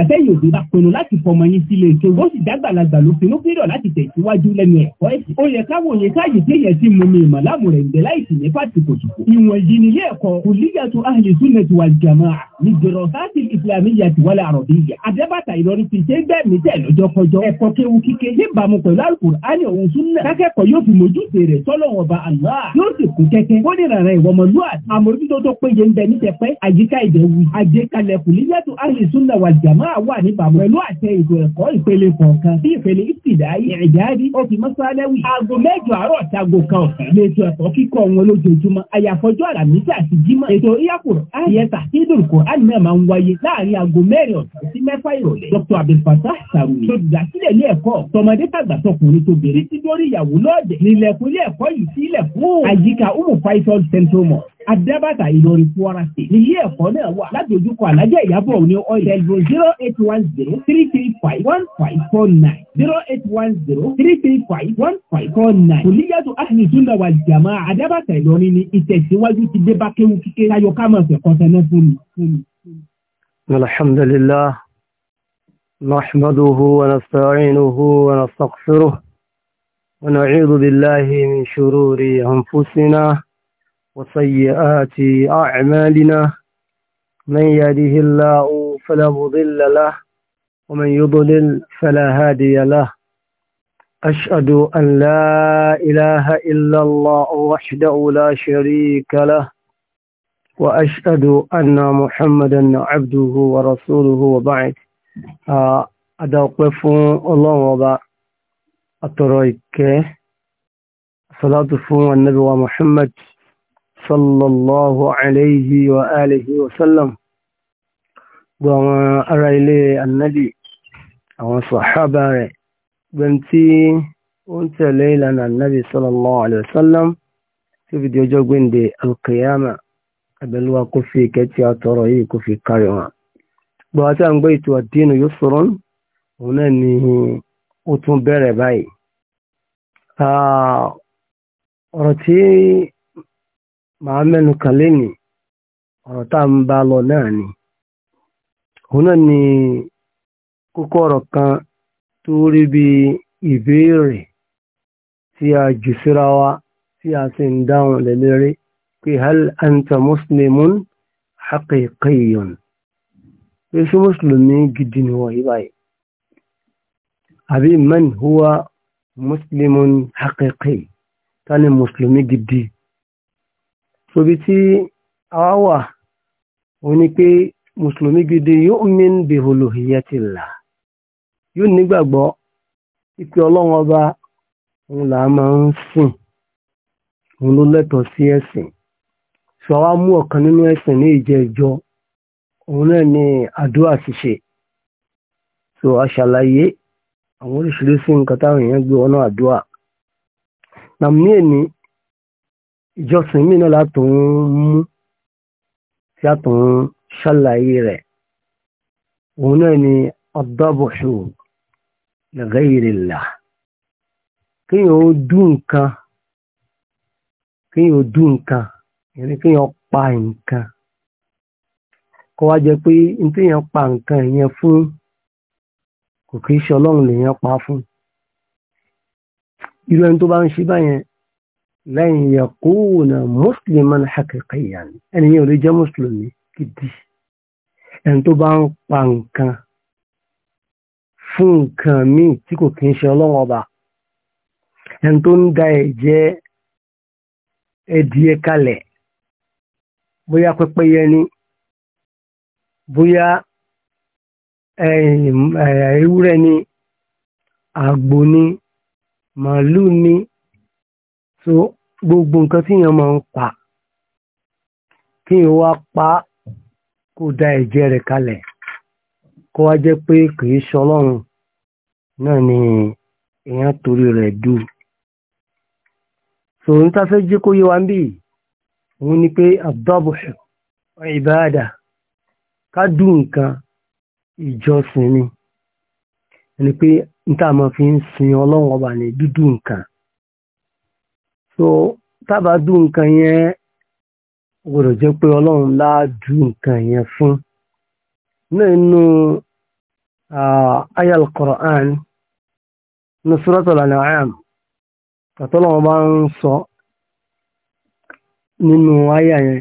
nígbà tẹ́yìn òbí bá pinnu láti fọmọ yín sílé èké wọ́n sì dágbàlagbà ló pinnu pínlọ̀ láti tẹ̀síwájú lẹ́nu ẹ̀kọ́ ẹ̀sìn. ó yẹ káwọn òye káyè téèyàn ti mú mi ìmọ̀ láàmú rẹ̀ ǹdẹ́ láìsí ní pàtìkòtìkò. ìwọ̀n yìí ni ilé ẹ̀kọ́ kùlíyàtú ahli sunnati wal jamaa ní dìrọ̀sáàtì ìsìlámíyàtì wal arabiyya. àdẹ́bàtà ìlọrin ti ṣe bẹ́ẹ̀ ní tẹ̀ lọ́jọ́ kọjọ́. ẹ̀kọ́ kéwu kíke níbàámu pẹ̀lú alukur'ani òun súnà. kákẹ́kọ̀ọ́ yóò fi mójú tèrè sọ́lọ́wọ́n ba Allah náà wà nípa pẹ̀lú àtẹ ètò ẹ̀kọ́ ìpele kọ̀ọ̀kan sí ìpele ìsìdáyé ẹ̀jáde òfin mọ́sálẹ́wì. aago mẹ́jọ àárọ̀ tago kan ọ̀sán lè ètò ẹ̀kọ́ kíkọ́ wọn lójoojúmọ́ àyàfọ́jọ́ àlàmísì àti jímọ̀. ètò ìyàkùrọ̀ àyẹ̀tà kídùn kò á nìyẹn máa ń wáyé láàrin aago mẹ́rin ọ̀sán sí mẹ́fà ìrọ̀lẹ́. Dr Abdulfatah Sarumi Adébàtà Ìlọrin Kwara State. Níyí ẹ̀kọ́ náà wà láti ojúkọ Alájà ní ọ̀yẹ̀ zero eight one zero three three five one five four nine zero eight one zero three three five one five four nine. Kùlíyàtò Ahmed Sunna wà jàmá Adébàtà Ìlọrin ni ìtẹ̀síwájú ti dé bá kéwu kíké táyọ̀ ká máa fẹ̀ kọ́sẹ̀ náà fún mi. Alhamdulillah, nahmaduhu wa nasta'inuhu wa nastaghfiruh wa na'udhu billahi min shururi anfusina. وسيئات أعمالنا من يهده الله فلا مضل له ومن يضلل فلا هادي له أشهد أن لا إله إلا الله وحده لا شريك له وأشهد أن محمدا عبده ورسوله وبعد أدوقف الله وبا أتريك صلاة النبي ومحمد sallallahu alayhi wa alihi wa sallam gbọ́ àwọn ará ilé annabi àwọn sọ̀hábà rẹ̀ gbẹ̀ntí ó ń tẹ̀lé ìlànà annabi sallallahu alayhi wa sallam tí fi di ọjọ́ gbẹ̀ndẹ̀ alkiyama abẹ́lúwa kó fi kẹ́tí àtọrọ yìí kó fi kárí wọn gbọ́ àti àwọn gbé ètò àdínú yusrun òun náà ni ó tún bẹ̀rẹ̀ báyìí ọ̀rọ̀ tí màá mẹ́nu kàn lénìí ọ̀rọ̀ tá à ń bá lọ náà ni òun náà ni kókó ọ̀rọ̀ kan tó rí bí ìbéèrè tí a jù síra wa tí a sì ń dáhùn lélẹ́rẹ́ pé hal anta muslimun haqiqiyyun pé sí mùsùlùmí gidi ni wọ̀nyí báyìí àbí man huwa muslimun haqiqi ta ni gidi sobi tí àwa wà òun ni pé mùsùlùmí gidi yóò min biholo hiyatillah yóò nígbàgbọ́ ipe ọlọ́run ọba òun là máa ń sìn òun ló lẹ́tọ̀ọ́ sí ẹ̀sìn sọ wá mú ọ̀kan nínú ẹ̀sìn ní ìjẹ́ ìjọ òun náà ni àdúrà ṣíṣe so aṣàlàyé àwọn oríṣiríṣi nǹkan táwọn èèyàn gbé ọ̀nà àdúrà nàmúyẹ̀ ní ìjọsìn mí náà látòun mú tí a tòun ṣàlàyé rẹ̀ òun náà ni ọ̀dọ́bọ̀ṣù lẹ́gẹ́ ìrìnlá kíyàn ó dún nǹkan kíyàn ó dún nǹkan ìrìn kíyàn pa nǹkan kó wá jẹ pé n tíyàn pa nǹkan ìyẹn fún kò kí í ṣe ọlọ́run lèyàn pa fún irú ẹni tó bá ń ṣe báyẹn lan yakuna musliman haqiqiyan ẹni yẹn ò lè jẹ́ mùsùlùmí gidi ẹni tó bá ń pa nǹkan fún nǹkan míì tí kò kí ń ṣe ọlọ́wọ́n ọba ẹni tó ń da ẹ̀jẹ̀ ẹdìẹ kalẹ̀ bóyá pẹ́pẹ́yẹ ni bóyá ewúrẹ́ ni àgbò ni màálù ni so gbogbo nkan ti èèyàn máa ń pa ki èèyàn wa pa ko da ẹ̀jẹ̀ rẹ̀ ko wa je pe pé kìí ṣọlọ́run naa ni eyan tori rẹ̀ du so n ta fẹ́ jẹ́ kó yé wa ń bì òun ni pé àdọ́bùṣù ìbáàdà ká dù nǹkan ìjọsìn ni ẹni pé n ta ma fi n sin ọlọ́run ọba ní dúdú so tábà dùn nǹkan yẹn gbọ́dọ̀ jẹ́ pé ọlọ́run lá dùn nǹkan yẹn fún nínú ayal Qur'an ní Suratul An'am tàtọ́lọ́wọ́n bá ń sọ nínú ayà yẹn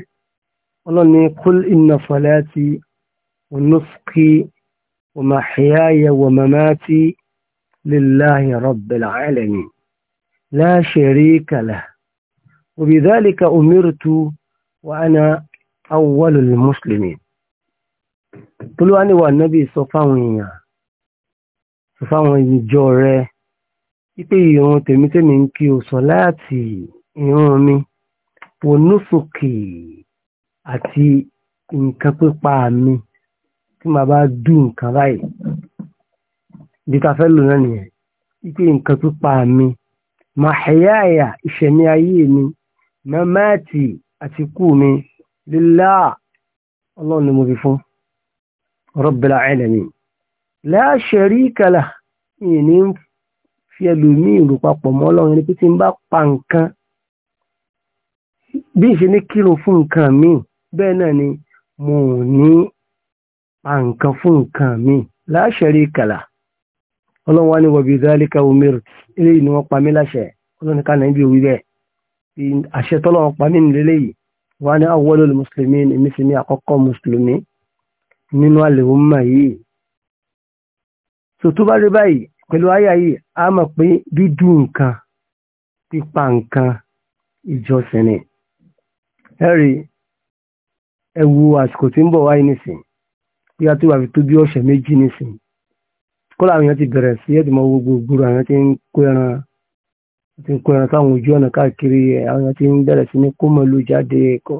ọlọ́run ní kul inna salati wa nusuki wa mahyaya wa mamati lillahi rabbil alamin لا شريك له وبذلك أمرت وأنا أول المسلمين قلوا أنا والنبي صفاوين صفاوين جوري ipe ìrun tèmítèmí ń kí o sọ láti ìrun mi ponúsòkè àti nǹkan pípa mi tí màá bá dú nǹkan báyìí bí ta fẹ́ lò náà nìyẹn ipe nǹkan pípa mi mahayaya ìṣẹ̀mí ayé mi mamati àti kú mi lillah ọlọ́run ni mo fi fún rabbil alamin la sharika lah ìní fi ẹlòmí ìrù papọ̀ mọ́ ọlọ́run ní pé tí n bá pa nǹkan bí ìṣe ní kírun fún nǹkan mi bẹ́ẹ̀ náà ni mo ní pa nǹkan fún nǹkan mi la sharika lah ọlọ́run wá ní wọ̀bí ìdálíkà omir ilé ìní wọn pa mí láṣẹ ọlọ́run ká nàíbí òwú bẹ́ẹ̀ àṣẹ tọ́lọ́run pa mí nílé yìí wá ní awwalul muslimin èmi sì ní àkọ́kọ́ mùsùlùmí nínú al-umma yìí. sò tó bá rí báyìí pẹ̀lú àyà yìí a mọ̀ pé dúdú nǹkan pípa nǹkan ìjọsìn ni. ẹ rí àsìkò tí ń bọ̀ wáyé nísìn bí a tó wà fi tó bí ọ̀sẹ̀ méjì nísìn kódà àwọn èèyàn ti bẹ̀rẹ̀ sí ẹ̀dùn mọ́ gbogbo àwọn ti ń kó ẹran ti ń kó ẹran sáwọn ojú ọ̀nà káàkiri àwọn èèyàn ti ń bẹ̀rẹ̀ sí ní kó mọ́ ló jáde ẹ̀kọ́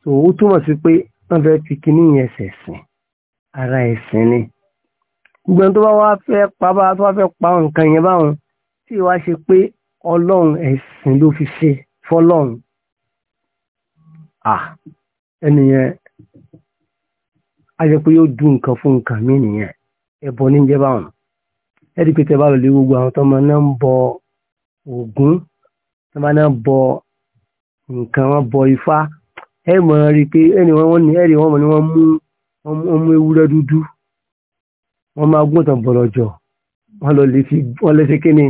so ó túmọ̀ sí pé wọ́n fẹ́ fi kíní yẹn ṣẹ̀sìn ara ẹ̀sìn ni gbogbo ẹni tó bá wá fẹ́ pa bá tó bá fẹ́ pa nǹkan yẹn báwọn tí wàá ṣe pé ọlọ́run ẹ̀sìn ló fi ṣe fọlọ́run ẹnìyẹn a jẹ pé yóò dùn nǹkan fún nǹkan mí nìyẹn ẹbọ ní jẹ́ báwọn ẹ̀rí pé tẹ́bá lè gbogbo àwọn tọ́mọ náà ń bọ Ògún tọ́mọ náà bọ nǹkan wọn bọ Ifá ẹ mọ̀ rí pé ẹni wọn ní ẹ̀rí wọn mọ̀ ni wọ́n mú ewúrẹ́ dúdú wọ́n máa gún tàn bọ̀lọ̀jọ̀ wọ́n lọ lè fi wọ́n lè kíni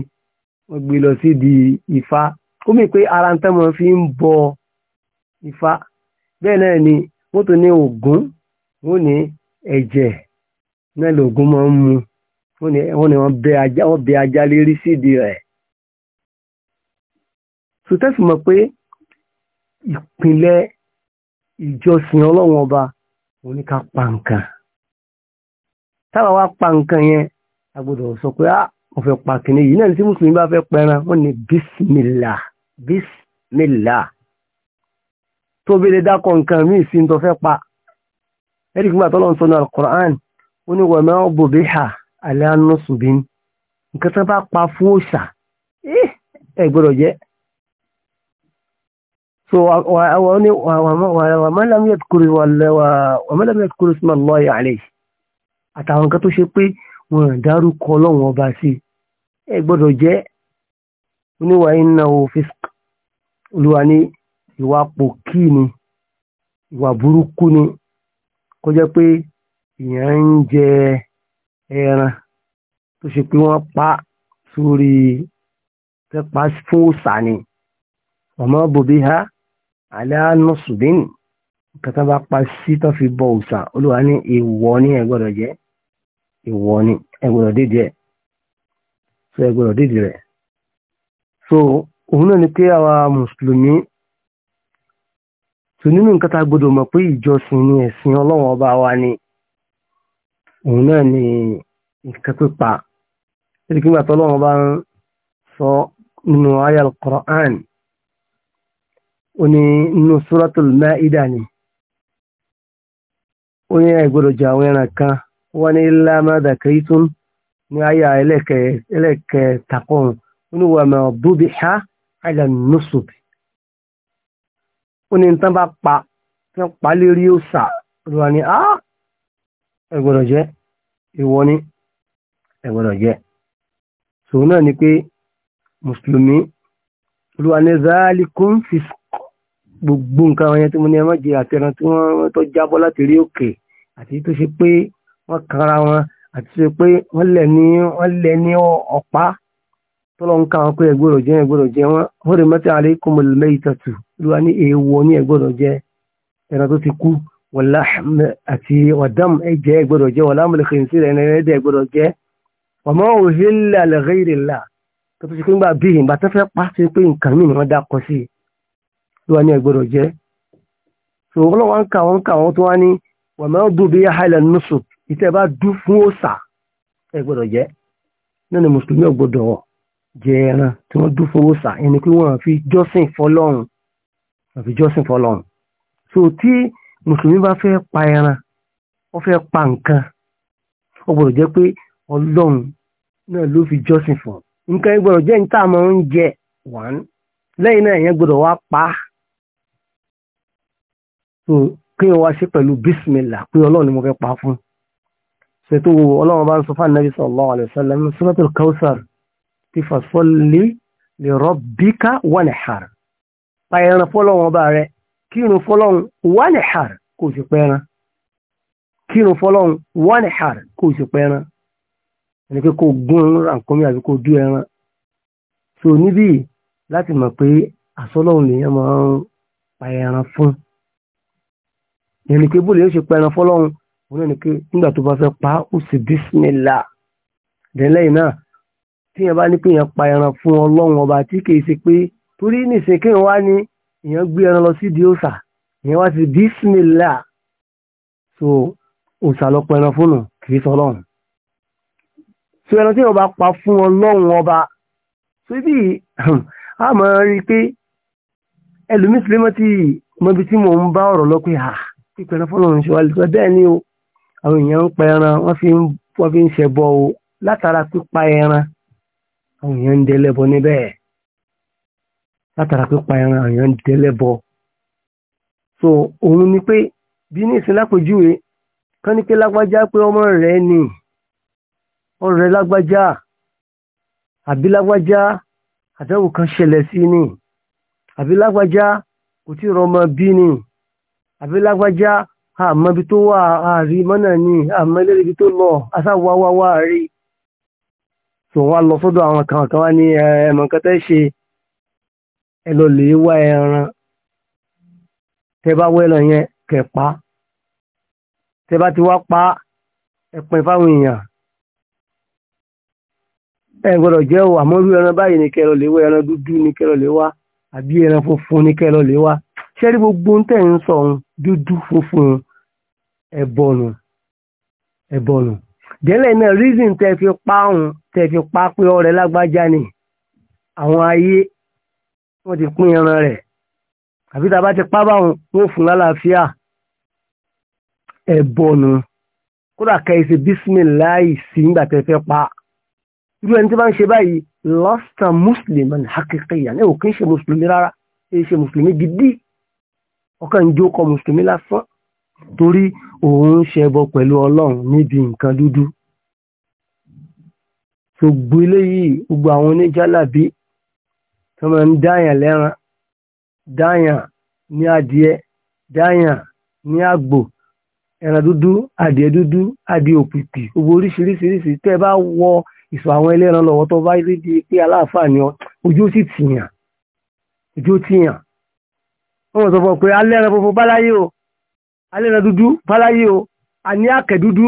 wọ́n gbé lọ sí di Ifá ó mì pé ara ń tẹ́mọ fi ń bọ Ifá bẹ́ẹ̀ náà ni wọ́n tó ní Ògún wọ́n ní ẹ̀jẹ̀ náà lògùn máa ń mu wọ́n ni wọ́n bẹ ajá lérí sídìí rẹ̀ sùtẹ́sì mọ̀ pé ìpìlẹ̀ ìjọsìn ọlọ́run ọba òun ní ká pa nǹkan táwa wá pa nǹkan yẹn a gbọ́dọ̀ sọ pé á ah, mo fẹ́ pa kìnní yìí náà tí mùsùlùmí bá fẹ́ pẹran wọ́n ní bísmìlà bísmìlà tó lè dákọ̀ nǹkan míì sí tó fẹ́ pa ẹ̀rí fún gbàtọ́ lọ́n ní alukur'an ó ní wọ̀mẹ́ ọ̀bùbíhà aláàánúṣùbín nǹkan tán bá pa fún òòṣà eh, ẹ gbọ́dọ̀ jẹ́ so wàmọ́lámíyàt kúrò sí màlúwà yà àlẹ́ àtàwọn nǹkan tó ṣe pé wọn dárúkọ ọlọ́run ọba sí ẹ gbọ́dọ̀ jẹ́ oníwà ìwà burúkú ni kó jẹ́ pé èèyàn ń jẹ ẹran tó ṣe pé wọ́n pa sórí tẹ́pa fún òòsà ni ọmọ bòbí ha aláàánú sùdín nǹkan tó bá pa sí tó fi bọ òòsà olúwa ní èèwọ̀ ni ẹ jẹ èèwọ̀ ni ẹ gbọ́dọ̀ dédìí ẹ̀ so ẹ gbọ́dọ̀ dédìí so òun náà ni pé àwa mùsùlùmí so nínú nǹkan tá a gbọ́dọ̀ mọ̀ pé ìjọsìn ni ẹ̀sìn ọlọ́wọ́n ọba wa ni òun náà ni nǹkan pípa títí kí gbàtọ́ lọ́wọ́ bá ń sọ nínú ayal Qur'an ó ní nínú suratul Ma'idah ni ó ní ẹgbẹ́rọ̀ jẹ àwọn ẹran kan wọ́n ní illa ma dhakaytum ní ayà ẹlẹ́kẹ̀ takọ̀ọ̀n ó ní wa ma dhubiha ala ó ní tán bá pa tán pa lérí ó sà lọ́wọ́ ni ah ẹ gbọ́dọ̀ jẹ́ ìwọ ní ẹ gbọ́dọ̀ jẹ́ sòun náà ni pé mùsùlùmí olùwànẹ́zàálìkún fi gbogbo nǹkan àwọn ẹyẹn tí mo ní ẹmọ́ jẹ àti ẹran tí wọ́n tó jábọ́ láti rí òkè àti tó ṣe pé wọ́n kanra wọn àti tó ṣe pé wọ́n lẹ̀ ní wọ́n lẹ̀ ní ọ̀pá tọ́lọ́ ń ká wọn pé ẹgbọ́dọ̀ jẹ́ ẹgbọ́dọ̀ jẹ́ wọn wọ́n rè mọ́tí àlékún mọ̀lẹ́mẹ́yìí tàtù olùwà ní èèwọ̀ ní ẹgbọ́dọ̀ jẹ́ ẹran tó ti kú wàláhàm àti wàdàm ẹ̀jẹ̀ ẹgbọ́dọ̀ jẹ́ wàláhàmùlẹ̀ kìrìsì rẹ̀ ẹ̀nẹ́dẹ̀ ẹgbọ́dọ̀ jẹ́ wàmọ́ òhìlẹ̀ àlẹ́gẹ́rẹ́lá tó tó ṣe pé ń gbà bí ìgbà tó fẹ́ pa ṣe pé nǹkan mìíràn wọn dákọ sí i ló wà ní ẹgbọ́dọ̀ jẹ́ so wọ́n wá ń kà wọ́n ń kà wọ́n tó wá ní wàmọ́ dùn bí highland nùsù ìtẹ́ bá dú fún òòsà ẹgbọ́dọ̀ jẹ́ nínú mùsùlùmí ọgbọ́dọ̀ jẹ ẹran tí wọ́n dú fún òòsà ẹni pé wọ́n fi jọ́sìn fọlọ́run àfi jọ́sìn fọlọ́run so tí mùsùlùmí bá fẹ́ pa ẹran ó fẹ́ pa nǹkan ó gbọ́dọ̀ jẹ́ pé ọlọ́run náà ló fi jọ́sìn fún nǹkan gbọ́dọ̀ jẹ́ ní táàmù oúnjẹ wọ́n lẹ́yìn náà ìyẹn gbọ́dọ̀ wá pa á so kí wọ́n wá ṣe pẹ̀lú bísímìlà pé ọlọ́run ni mo fẹ́ pa á fún ṣètò ọlọ́run bá ń sọ fáànà nàbísọ̀ ọlọ́run àlẹ́sọ́lá ní suratul Kawthar ti fasọ́lì li rabbika wanhar pa ẹran kírun fọlọ́run wọ́n hàr kò sì pẹ́ran kírun fọlọ́run wọ́n hàr kò sì pẹ́ran ẹni pé kò gún ràǹkọ́mí àbí kò dú ẹran so níbí láti mọ̀ pé àsọlọ́run lèèyàn máa ń pa ẹran fún ìyẹn ni pé bó lè ṣe pa ẹran fọlọ́run òun náà ni pé nígbà tó bá fẹ́ pa ó sì bísímìlà dẹ́lẹ́yìn náà tíyẹn bá ní pé yẹn pa ẹran fún ọlọ́run ọba tí kìí ṣe pé torí nìṣe kéèyàn wá ní èèyàn gbé ẹran lọ sí di òòsà èèyàn wá sí bísímìlà so òòsà lọ pẹ ẹran fóònù kì í sọ ọlọ́run so ẹran tí wọn bá pa fún ọlọ́run ọba so ibi a máa rí i pé ẹlòmísìlẹ́mọ́ ti mọbi tí mò ń bá ọ̀rọ̀ lọ pé à pípẹ́ ẹran fọ́lọ́run ṣe wá lè sọ bẹ́ẹ̀ ni o àwọn èèyàn ń pa ẹran wọ́n fi ń ṣẹbọ o látara pípa ẹran àwọn èèyàn ń dẹlẹ́bọ níbẹ̀ látara pípa ẹran àyàn dẹ́lẹ́bọ so òun ni pé bí ní ìsìn lápèjúwe kán ní pé lágbájá pé ọmọ rẹ̀ ni ọ̀rẹ́ lágbájá àbí lágbájá àdáwò kan ṣẹlẹ̀ sí ni àbí lágbájá kò tí rọmọ bí ni àbí lágbájá àmọ́bi tó wà àárí mọ́nà ni àmọ́ ilé tó lọ asáwáwáwá rí so wọ́n lọ sọ́dọ̀ àwọn kan kan wá ní ẹ̀ẹ̀mọ̀ nǹkan tẹ́ ṣe ẹ lọ lè wá ẹran tẹ bá wẹ́lọ yẹn kẹpa tẹ bá ti wá pa ẹ̀pẹ́ fáwọn èèyàn ẹ gbọ́dọ̀ jẹ́ o àmọ́ irú ẹran báyìí ni kẹrọ lè wá ẹran dúdú ni kẹrọ lè wá àbí ẹran funfun ni kẹrọ lè wá ṣẹ́rí gbogbo tẹ̀ ń sọ ohun dúdú funfun ẹ̀bọ̀nù ẹ̀bọ̀nù délẹ̀ náà reason tẹ fi pa ohun tẹ fi pa pé ọ̀rẹ́ lágbájá ni àwọn ayé wọ́n ti pín ẹran rẹ̀ àbí tá a bá ti pa báwọn wọ́n fún lálàáfíà ẹ̀bọ kódà kẹ́sì bísímìláì sí nígbà tẹ́ fẹ́ pa irú ẹni tí bá ń ṣe báyìí lọ́sítà mùsùlùmí hakikiyan ẹ̀ ò kí ń ṣe mùsùlùmí rárá èyí ṣe mùsùlùmí gidi ọkàn jókọ mùsùlùmí lásán torí òun ṣẹbọ pẹ̀lú ọlọ́run níbi nǹkan dúdú gbogbo eléyìí gbogbo àwọn oníjàlábí wọ́n ndanya ń dáyàn lẹ́ran dáyàn ní adìẹ dáyàn ní àgbò ẹran dúdú adìẹ dúdú adìẹ òpìpì gbogbo oríṣiríṣiríṣi tẹ́ ẹ bá wọ ìsọ̀ àwọn ẹlẹ́ran lọ́wọ́ tó bá rí di pé aláàfáà ni ojú ó sì tìyàn ojú ó tìyàn wọ́n sọ fún ọ pé alẹ́ran funfun báláyé o alẹ́ran dúdú báláyé o àní àkẹ́ dúdú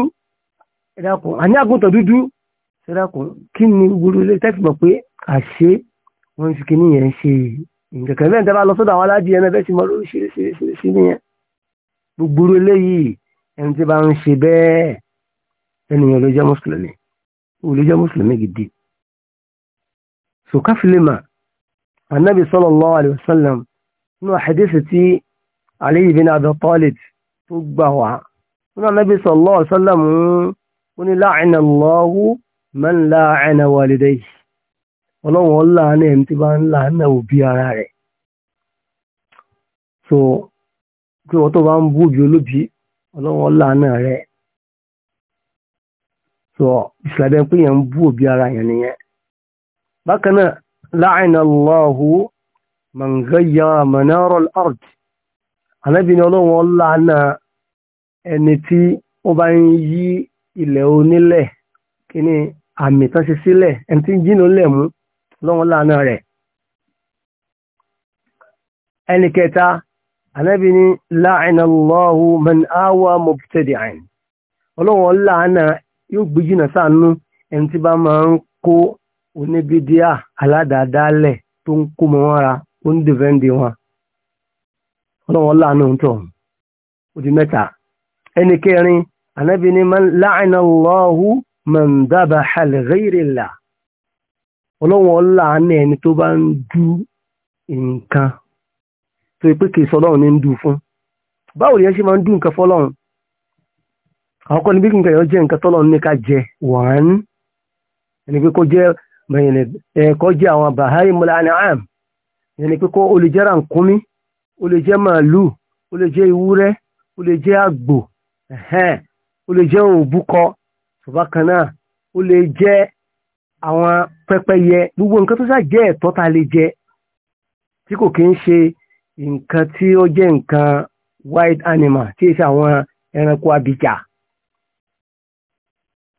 ẹ̀dàkùn àní àgùntàn dúdú ẹ̀dàkùn kí ni gbogbo ilé tẹ́sí mọ̀ pé àṣé wọ́n fi kíní yẹn ṣe nǹkan kan bẹ́ẹ̀ tẹ́ bá lọ sọ́dọ̀ àwọn aládìí ẹ̀nà bẹ́ẹ̀ sì mọ oríṣiríṣiríṣi nìyẹn gbogbo eléyìí ẹni tí bá ń ṣe bẹ́ẹ̀ ẹnìyàn ló jẹ́ mùsùlùmí ò ló jẹ́ mùsùlùmí gidi. sọ káfílẹ́mà anabi sallallahu alayhi wa sallam nínú àhẹ́dẹ́sì tí aliyu bin abi talib tó gbà wá nínú anabi sallallahu alayhi ó ní la'ina Allahu man la'ina walidayhi ọlọ́run ọ̀la ní ẹni tí bá ń là òbí ara rẹ̀ so tí wọ́n tó bá ń bú òbí olóbi ọlọ́run ọ̀la rẹ̀ so ìsìlábẹ́ pé yẹn ń bú òbí ara yẹn nìyẹn bákan náà láàrin aláhu mangaya manaro art anábìnrin ọlọ́run ọ̀la náà ẹni tí ó bá ń yí ilẹ̀ onílẹ̀ kí ni àmì tán ṣe sílẹ̀ ẹni tí ń jìnnà lẹ̀ mú lọ́wọ́n lánàá rẹ̀ ẹni kẹta anábi ni la'inallahu man awa mubtadi'an ọlọ́wọ́n lánàá yóò gbé jìnà sáànú ẹni tí bá máa ń kó oníbídíà aládàádálẹ̀ tó ń kó mọ́ wọn ra ó ń dìfẹ́ǹdì wọn ọlọ́wọ́n lánàá ń tọ̀ òdì mẹ́ta ẹni kẹrin anábi ni la'inallahu man dhabaha li ghayrillah ọlọ́wọ́n láàánú ẹni tó bá ń dú nǹkan tó yẹ pé kìí sọ ọlọ́run ní ń dú fún báwo lèyàn ṣe máa ń dú nǹkan fọlọ́run àkọ́kọ́ ni bí nǹkan yẹn jẹ́ nǹkan tọ́lọ́run ní ká jẹ wọ́n ẹni pé kó jẹ́ ẹ̀kọ́ jẹ́ àwọn bàhárí mọ́láàánú am, ẹni pé kó o lè jẹ́ rànkúnmí o lè jẹ́ màálùú o lè jẹ́ ewúrẹ́ o lè jẹ́ àgbò o lè jẹ́ òbúkọ ṣùgbọ́n kan náà o lè jẹ́ àwọn pẹ́pẹ́yẹ gbogbo nǹkan tó ṣàjẹ́ ẹ̀tọ́ ta lè jẹ tí kò kí ń ṣe nǹkan tí ó jẹ́ nǹkan wild animal tí èsì àwọn ẹranko abìjà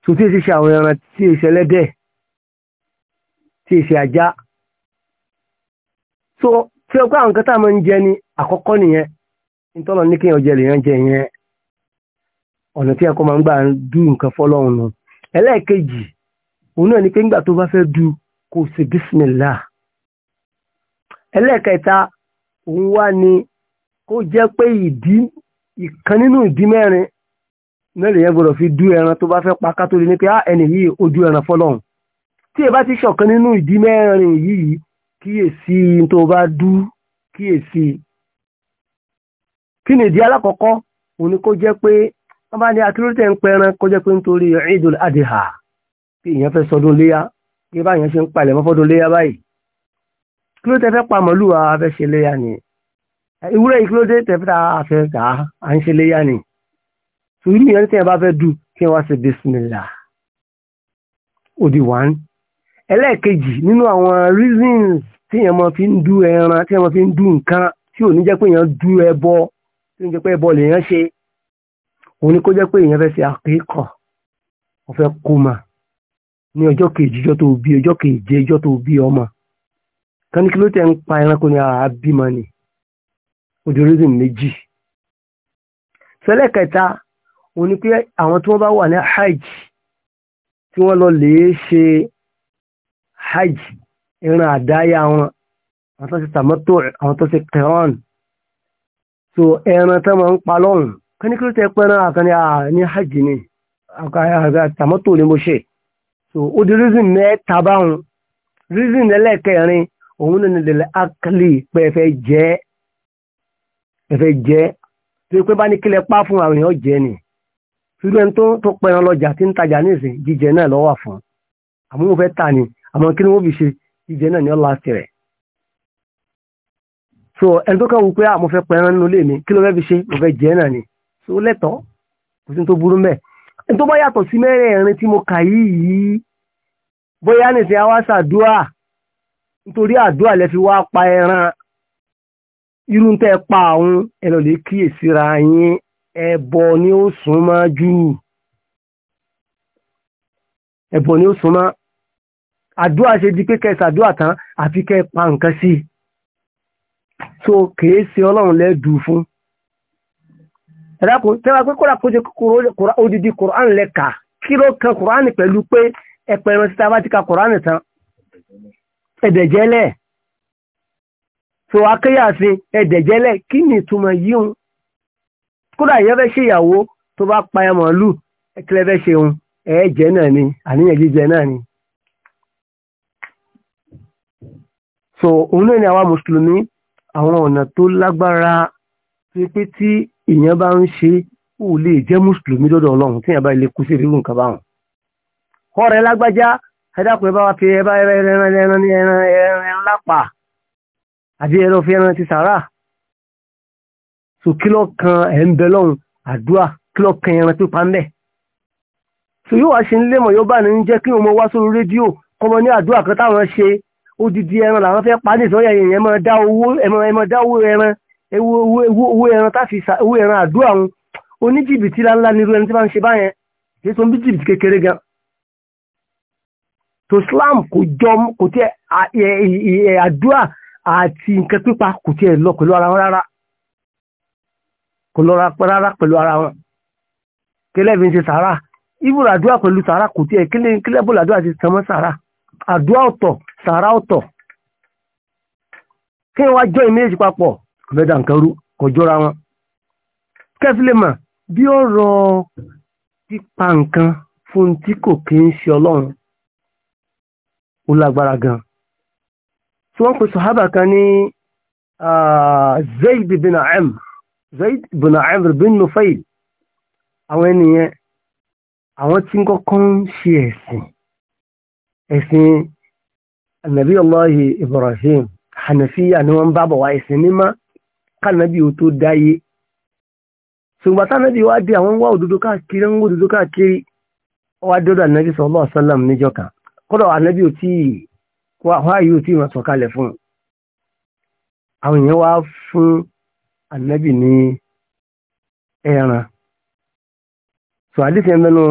tó tí èsì àwọn ẹran tí èsì ẹlẹ́dẹ̀ tí èsì ajá so tí ọgbà àwọn nǹkan tá a máa ń jẹ ni àkọ́kọ́ nìyẹn nítorí ní kí ọjẹ́ lèèyàn jẹ yẹn ọ̀nà tí ẹ̀kọ́ máa ń gbà ń nǹkan fọ́lọ́run nù ẹlẹ́ẹ̀kejì òun náà ni pé ńgbà tó bá fẹ́ du kò sí bísímìlá ẹlẹ́ẹ̀kẹta òun wá ni kó jẹ́ pé ìdí ìkan nínú ìdí mẹ́rin mẹ́rin yẹn gbọ́dọ̀ fi du ẹran tó bá fẹ́ pa kátó lé ní pé ah, ẹni yìí ó du ẹran fọlọ́hún tí ẹ bá ti ṣọ̀kan nínú ìdí mẹ́rin yìí kíyèsí tó bá du kíyèsí kí ni ìdí alákọ̀ọ́kọ́ òun ni kó jẹ́ pé wọ́n bá ní akérò tẹ̀ ń pẹran kó jẹ́ pé nítorí Eidul Adha pé èèyàn fẹ́ sọdún léyà pé báyẹn ṣe ń palẹ̀ mọ́ fọ́dún léyà báyìí kí ló tẹ fẹ́ pa màálù wa fẹ́ ṣe léyà ni ìwúrẹ́ yìí kí ló dé tẹ fẹ́ ta àfẹ́ gà á à ń ṣe léyà ni torí ìyẹn tí yẹn bá fẹ́ du kí wọ́n ṣe bisimilà òdì wán ẹlẹ́ẹ̀kejì nínú àwọn reasons tí yẹn mọ fi ń du ẹran tí yẹn mọ fi ń du nǹkan tí ò ní jẹ́ pé èèyàn du ẹbọ tí ó ń jẹ́ pé ẹbọ lèèyàn ṣe òun ni kó jẹ́ pé èèyàn fẹ́ ṣe àkíkọ̀ ọ̀fẹ́ kó máa ní ọjọ́ kejì ọjọ́ tó bí ọjọ́ keje ọjọ́ tó bí ọmọ kan kí ló tẹ́ ń pa ẹranko ní ara bímọ ni ojorísìn méjì sẹ́lẹ̀kẹta òun ni pé àwọn tí wọ́n bá wà ní hajj tí wọ́n lọ lè ṣe hajj ìran àdáyà wọn àwọn tó ṣe tàmọ́tò àwọn tó ṣe kẹrọ́n so ẹran tó máa ń pa lọ́rùn kan ní kí ló tẹ́ pẹ́ran àkànní àní hajj ni àkànní tàmọ́tò ni mo ṣe so ó di reason mẹ́ta báwọn reason ẹlẹ́kẹrin òun náà nílẹ̀ akílì pé ẹ fẹ́ jẹ́ ẹ fẹ́ jẹ́ tó pé bá ní kílẹ̀ pa fún àwọn èèyàn jẹ́ ni ṣùgbọ́n ẹni tó pẹran lọ́jà tí ń tajà nísìn jíjẹ náà lọ́wọ́ fún àmọ́ wọn fẹ́ tà ní àmọ́ kí ni wọ́n fi ṣe jíjẹ náà ní ọ́ láti rẹ̀ so ẹni tó kẹ́wù pé à mo fẹ́ pẹran nínú ilé mi kí ló fẹ́ fi ṣe mo fẹ́ jẹ́ náà ni so lẹ́tọ̀ọ́ kò sí tó burú mẹ́ẹ̀ ẹni tó bá yàtọ̀ sí mẹ́rẹ̀ẹ̀rin tí mo kà yí yìí bóyá nìsí àwa ṣàdúà nítorí àdúà wá pa ẹran irú pa àwọn ẹlọlẹ kíyèsíra yín ẹbọ ni ó súnmọ́ jù ẹbọ ni ó súnmọ́ àdúà ṣe di pé tán àfi pa nǹkan sí i tó kèé ṣe Ọlọ́run fún kò tẹ́wàá pé odidi kí ló kan pẹ̀lú pé ẹ̀pẹ̀ ẹran títa bá ti ka kùránì tán ẹ̀dẹ̀jẹ́lẹ̀ tó akéyàsí ẹ̀dẹ̀jẹ́lẹ̀ kí ni ìtumọ̀ yíhun kódà ìyẹn fẹ́ ṣe ìyàwó tó bá pa ẹ màálù ẹ̀kílẹ̀ fẹ́ ṣeun ẹ̀ẹ́jẹ́ náà ni àníyàn jíjẹ náà ni. so òun náà ni àwa mùsùlùmí àwọn ọ̀nà tó lágbára ti pé tí ìyẹn bá ń ṣe ó lè jẹ́ mùsùlùmí lọ́dọ̀ ọlọ́run tí ìyẹn bá lè kú sí irú nǹkan báwọn kọ́rẹ́ lágbájá ẹ̀dàkùn ẹ̀bá wa fi ẹ̀bá ẹran ní ẹran ẹran lápá àbí ẹran fi ẹran ti sàrà so kílọ̀ kan ẹ̀ ń bẹ lọ́run àdúrà kílọ̀ kan ẹran pípa ń bẹ̀ so yóò wá ṣe ń lémọ̀ yóò bá ní jẹ́ kí ọmọ wá sórí rédíò kọmọ ní àdúrà kan táwọn ṣe odidi ẹran làwọn fẹ́ pa ní ìsọ́yà èèyàn máa dá owó ẹmọ dá owó ẹran owó ẹran táfi owó ẹran àdúrà wọn oníjìbìtì láńlá nírú ẹni tí wọ́n ń ṣe báyẹn èyí tó ń bí jìbìtì kékeré gan tó Islam kò jọ kò tí ẹ àdúrà àti nǹkan pípa kò tí ẹ lọ pẹ̀lú ara wọn rárá kò lọ rárá pẹ̀lú ara wọn kẹlẹ́bí ń ṣe sàárà ibùdó àdúrà pẹ̀lú sàárà kò tí ẹ kílẹ̀ bọ́ọ̀lù àdúrà ti sàn mọ́ àdúrà ọ̀tọ̀ sàárà ọ̀tọ̀ kí wọ́n jọ ìmírèjì papọ̀ mẹ́ta nǹkan rú kò jọra wọn kẹfìlẹ̀ mà bí ọ̀rọ̀ pípa nǹkan fún tí kò kí ń ṣe ọlọ́run ó lágbára gan tí wọ́n pe sọ̀hábà kan ní zayd bin amr zayd bin amr bin nufayl àwọn ènìyàn àwọn tí ń kọ́kọ́ ń ṣe ẹ̀sìn ẹ̀sìn anabi allahi ibrahim hanafiya ni wọ́n ń bábọ̀ wá ẹ̀sìn mímọ́ kánàbí ò tó dáyé ṣùgbọ́n tánàbí wá dé àwọn wá òdodo káàkiri ń wó òdodo káàkiri wá dọ́dọ̀ anabi sallallahu alaihi wasallam níjọ́ kan kọ́dọ̀ ànábì ò tí wáyé ò tí ma sọ̀kalẹ̀ fún àwọn èèyàn wá fún ànábì ní ẹran so àdísì ẹmẹ́nu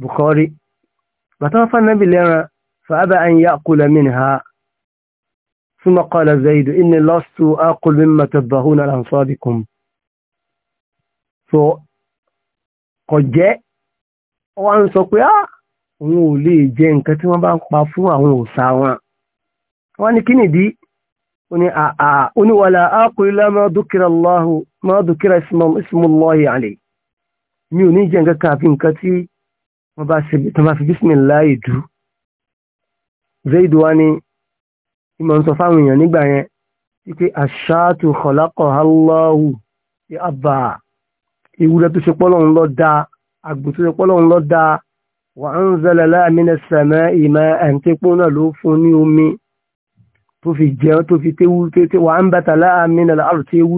Bukhari bàtà wọn fún ànábì lẹ́ran fàábà an ya'kula minha thumma qala Zaid inni lastu aqulu mimma tabbahuna ala ansabikum so kọjẹ́ wọ́n sọ pé ah òun ò lè jẹ nǹkan tí wọ́n bá ń pa fún àwọn òòṣà wọn wọ́n ní kí nìdí oní àà oníwàlà ákùnrinlá máa dúkìrà Allahu máa dúkìrà ismullahi alayhi mi ò ní jẹ nǹkan káàfin nǹkan tí wọ́n bá ṣe tán bá fi bísímìláì dù zaid wa ni ìmọ̀ ń sọ fáwọn èèyàn nígbà yẹn wípé àṣàtù khalaqaha Allahu ya àbà ewúrẹ́ tó ṣe pọ́lọ́run ló dá àgbò tó ṣe pọ́lọ́run ló dá wà á ń zẹlẹ̀ láàmínà sàmà ìmọ̀ àǹtẹ́pọ̀ náà ló fún ní omi tó fi jẹun tó fi tẹ́wú tẹ́tẹ́ wà á ń bàtà láàmínà láàrù tí ewu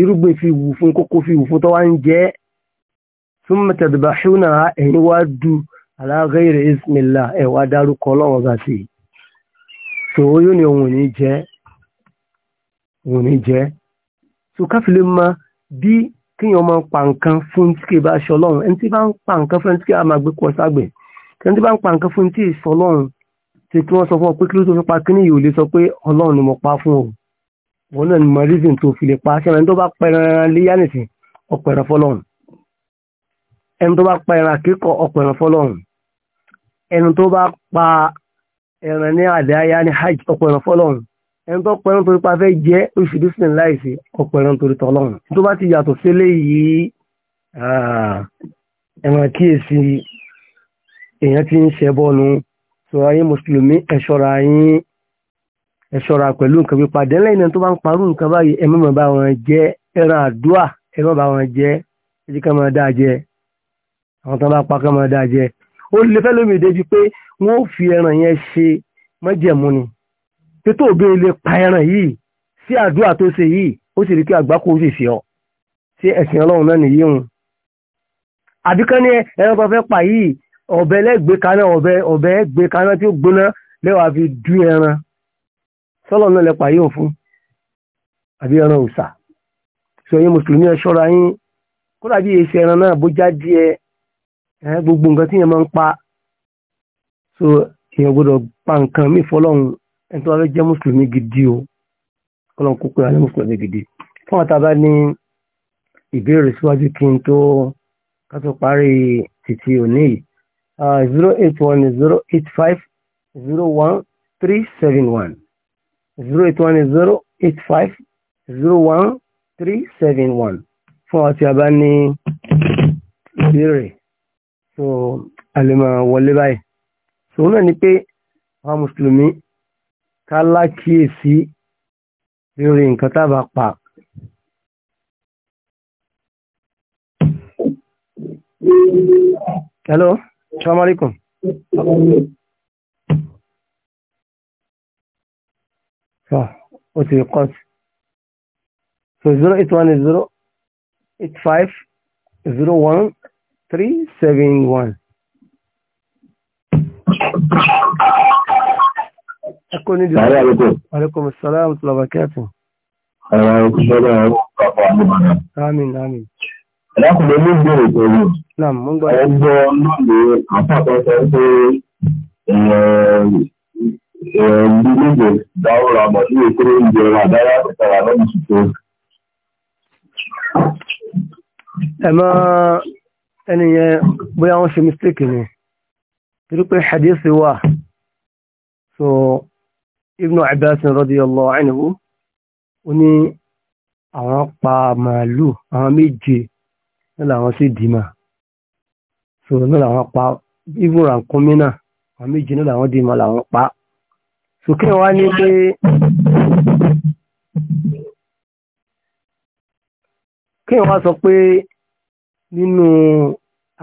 irúgbìn fi wù fún kókó fi wù fún tọ́wá ń jẹ́ súnmọ́ tẹ̀dùbàṣúnà ẹ̀yìn wá du aláàgẹ́rẹ̀ ismìlá ẹ̀wà dárúkọ ọlọ́run bá sí tòó kíyàn máa pa nǹkan fún tí kìí bá ṣe ọlọ́run ẹni tí bá ń pa nǹkan fún ẹni tí kìí máa gbé kọ́ ságbẹ̀ ẹni tí bá ń pa nǹkan fún tí ìṣọ ọlọ́run ti kí wọ́n sọ fún ọ pé kí ló tó fi pa kíní yìí ò lè sọ pé ọlọ́run ni mo pa fún o wọn náà ni mo reason tó fi lè pa ṣé ẹni tó bá pa ẹran léyà nìsín ọ̀pẹ̀rẹ̀ fọlọ́run ẹni tó bá pa ẹran àkíkọ̀ ọ̀pẹ̀rẹ̀ fọlọ́run ẹni tó bá pa ẹran ní àdáyá ní hajj ọ̀pẹ̀rẹ̀ fọlọ́run ẹni tó pẹ̀rún torí pa fẹ́ jẹ́ oṣùdí sí láìsí ọpẹ̀rún torí tọlọ́run tó bá ti yàtọ̀ sílé yìí ah, ẹ̀wọ̀n kíyèsí èèyàn ti ń ṣẹbọnu sọ̀rọ̀ ayé mùsùlùmí ẹ̀ṣọ́ra yín ẹ̀ṣọ́ra pẹ̀lú nǹkan pípa dẹ́lẹ́ ìnà tó bá ń parú nǹkan báyìí ẹ má bá wọn jẹ́ ẹran àdúà ẹ má bá wọn jẹ́ ẹjí ká máa dáa jẹ àwọn tó bá pa ká máa dáa jẹ ó lè fẹ́ lómi débi pé wọ́n ó fi ẹran yẹn ṣe májẹ̀mú ni pé tó bèèrè lè pa ẹran yìí sí àdúrà tó ṣe yìí ó sì rí pé àgbákò sì ṣe ọ ṣé ẹ̀sìn ọlọ́run náà nìyí òun àbíkán ní ẹran kan fẹ́ pa yìí ọ̀bẹ lẹ́gbẹ́ kaná ọ̀bẹ ọ̀bẹ gbé kaná tí ó gbóná lẹ́wàá fi dú ẹran sọ́lọ̀ náà lẹ́pa yìí òfun àbí ẹran òòṣà sọ yín mùsùlùmí ẹ ṣọ́ra yín kódà bí èsì ẹran náà bójá díẹ̀ ẹ gbogbo nǹkan tí yẹn máa ń pa so èèyàn gbọ́dọ̀ pa nǹkan mí fọlọ́run ẹni tó wá fẹ́ jẹ́ mùsùlùmí gidi o ọlọ́run kó pé alẹ́ mùsùlùmí gidi fún ọ̀tá bá ní ìbéèrè síwájú kí n tó kátó parí títí òní yìí zero eight one zero eight five zero one three seven one zero eight one zero eight five zero one three seven one fún ọtí a ní ìbéèrè so a lè máa wọlé báyìí so náà ni pé àwọn mùsùlùmí ká lákìyèsí lórí nǹkan tábà pa. Hello, salaam alaikum. So, ó ti cut. So, 0810 85 01 371 ẹkọ ní ìdílé alaikum salaam tó lọ́wọ́ kẹ́ẹ̀tù. ẹ̀rọ ìṣẹ́lẹ̀ ẹ̀rọ ìpapọ̀ àmúbàdà. àmín àmín. ẹ̀dákùnrin ní ìbéèrè pẹ̀lú. náà mo ń gbọ́. ẹ gbọ́ lónìí àpapọ̀ pé ẹ̀ẹ́dì méje dáwọ́ ra mọ̀ ní èkúrò oúnjẹ wa dára àtẹ̀sára lọ́dún tuntun. ẹ mọ ẹni yẹn bóyá wọ́n ṣe mistake ni torí pé hadith wà so ibnu abbas radiyallahu anhu ó ní àwọn pa màálù àwọn méje náà làwọn sì dìímà so náà làwọn pa ibùn rànkúnmí náà àwọn méje náà làwọn dìímà làwọn pa sókè wá ní pé kí wọ́n sọ pé nínú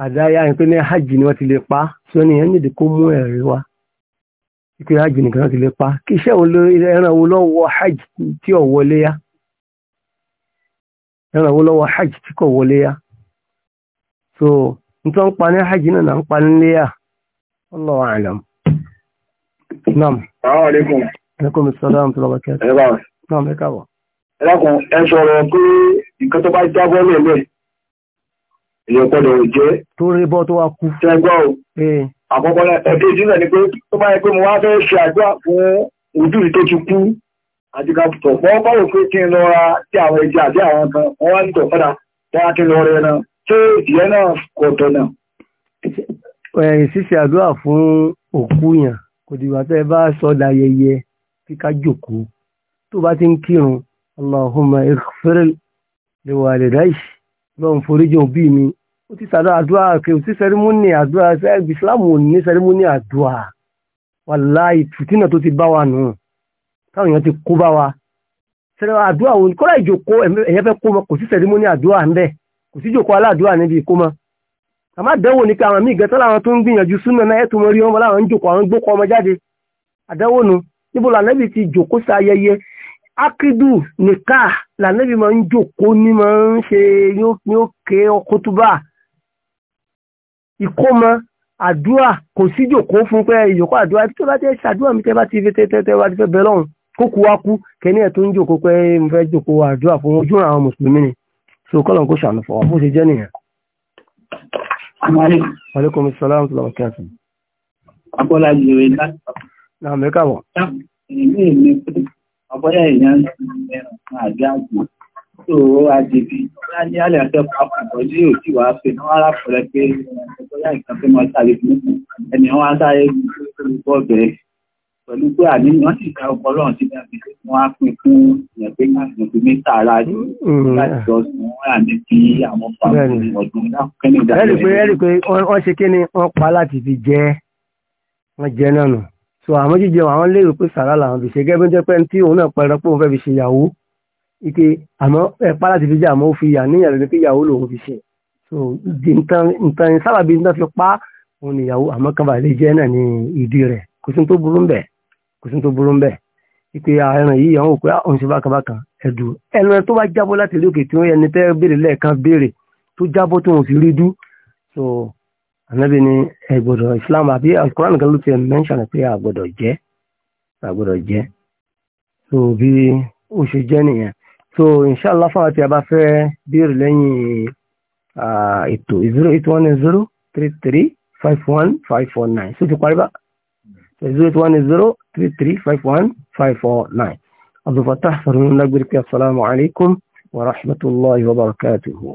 àdáyá ìpínlẹ̀ hajj ni wọ́n ti lè pa sọ ní ẹni ìdíkó mú ẹ̀rí wa ìpè hajj nìkan ti lè pa kí iṣẹ́ òun ẹran wo lọ́wọ́ hajj tí ò wọlé yá ẹran lọ́wọ́ hajj tí kò wọlé yá so n tó ń pa ní hajj náà ń pa nílé yá Allahu a'lam. naam. alaikum. aleykum tó lọ́wọ́ ẹ sọ̀rọ̀ pé nǹkan tó bá jábọ́ jẹ́. tó rí bọ́ tó wá kú. àkọ́kọ́ náà ẹ̀kejì náà ni pé tó bá yẹ pé mo wá fẹ́ ṣe àdúrà fún ojú tó ti kú àti kàpùtọ̀ wọ́n bá wò pé kí n lọ ra sí àwọn ẹja àti àwọn kan wọ́n wá ń tọ̀ padà wọ́n á kí n lọ rẹ náà ṣé ìyẹn náà kò tọ̀ náà. ṣíṣe àdúrà fún òkú yàn kò dìgbà tẹ́ ẹ bá sọ dayẹyẹ kí ká jòkó tó bá ti ń kírun Allahumma ighfir li walidayya lọ́n foríjì òbí mi ó ti sàdá àdúrà kì ó ti sẹrímúnì àdúrà ìsìláàmù ò ní sẹrímúnì àdúrà wàláhì fìtínà tó ti bá wa nù táwọn èèyàn ti kó bá wa sẹrímúnì àdúrà òun kọ́lá ìjòkó ẹ̀yẹ́ fẹ́ kó mọ kò sí sẹrímúnì àdúrà ń bẹ̀ kò sí ìjòkó aládùúrà níbi ìkó mọ àmọ́ àdánwò ní pé àwọn míì gẹ́tọ́ làwọn tó ń gbìyànjú súnmọ́ náà ẹ̀ tó mọ rí wọn láwọn ń jòkó àwọn gbókọ ọmọ jáde àdánwò nu níbo lànàbì ti jòkó sí ayẹyẹ akidu nìka lànàbì máa ń jòkó ní máa ń ṣe ní ó ké ọkọ̀ tó ìkómọ àdúrà kò sí jòkó fún pé ìjòkó àdúrà tó bá tẹ́ ṣàdúrà mi tẹ́ bá ti fi tẹ́tẹ́tẹ́ wá ti fẹ́ bẹ́ẹ̀ lọ́hùn kó kú wá kú kẹ́ni ẹ̀ tó ń jòkó pé mo fẹ́ jòkó àdúrà fún ojú àwọn mùsùlùmí ni so kọ́lọ̀ kó ṣàánú fọwọ́ bó ṣe jẹ́ nìyẹn. aleykum salaam tó lọ kí a sùn. na mẹ́kà wọ̀. ọ̀pọ̀ ìyá ń sìn tó àjèjì bá ní alẹ́ ọ̀sẹ̀ pàápàá ní òtí wàá pè ní wọ́n rápọ̀lẹ́ pé bóyá nǹkan tó máa sáré fún ẹni wọn sáré bọ́ bẹ́ẹ̀ pẹ̀lú pé àní wọ́n sì ka ọkọ̀ ọlọ́run sí ní àbí wọ́n á pín fún ìyẹn pé káàkiri fún mẹ́ta ara ní mm-hmm. láti lọ sí wọn àmì kí àwọn fàmì ọdún lákùnkẹ́ni ìdájọ́ ẹ̀rí pé ẹ̀rí pé wọ́n ṣe kí ni wọ́n pa láti fi jẹ wọ́n jẹ náà nù so àwọn jíjẹ àwọn lérò pé sàrà làwọn fi ṣe gẹ́gẹ́ bí wọ́n jẹ́ pé tí òun náà pẹ̀rọ pé òun fẹ́ fi ṣe ìyàwó ike àmọ́ ẹ̀pá láti fi jẹ́ àmọ́ ó fi yà ní ìyàlẹ́ pé ìyàwó lòun fi ṣe so nǹkan sábàbí nǹkan fi pa òun ni ìyàwó àmọ́ kan bàlẹ́ jẹ́ náà ní ìdí rẹ̀ kò sí tó burú ń bẹ̀ kò sí tó burú ń bẹ̀ ike àárín yìí àwọn òkú àwọn ìṣe bákan bákan ẹ̀dùn ẹnu tó bá jábọ́ láti ilé òkè tí wọ́n ẹni tẹ́ béèrè lẹ́ẹ̀kan béèrè tó jábọ́ tó wọn sì rí dú so ànábì ni ẹ gbọ́dọ̀ Islam àbí Al-Qur'an nìkan ló ti mẹ́ńṣàn pé a gbọ́dọ̀ jẹ́ a so bí ó ṣe jẹ́ nìyẹn so inshallah fún àti àbá fẹ́ bíèrè lẹ́yìn ètò zero one zero three three five one five four nine so ti parí bá zero one zero three three five one five four nine abdulfatah sọ̀rọ̀ lágbèrè pé asalaamualeykum wa rahmatulahi wa barakatuhu.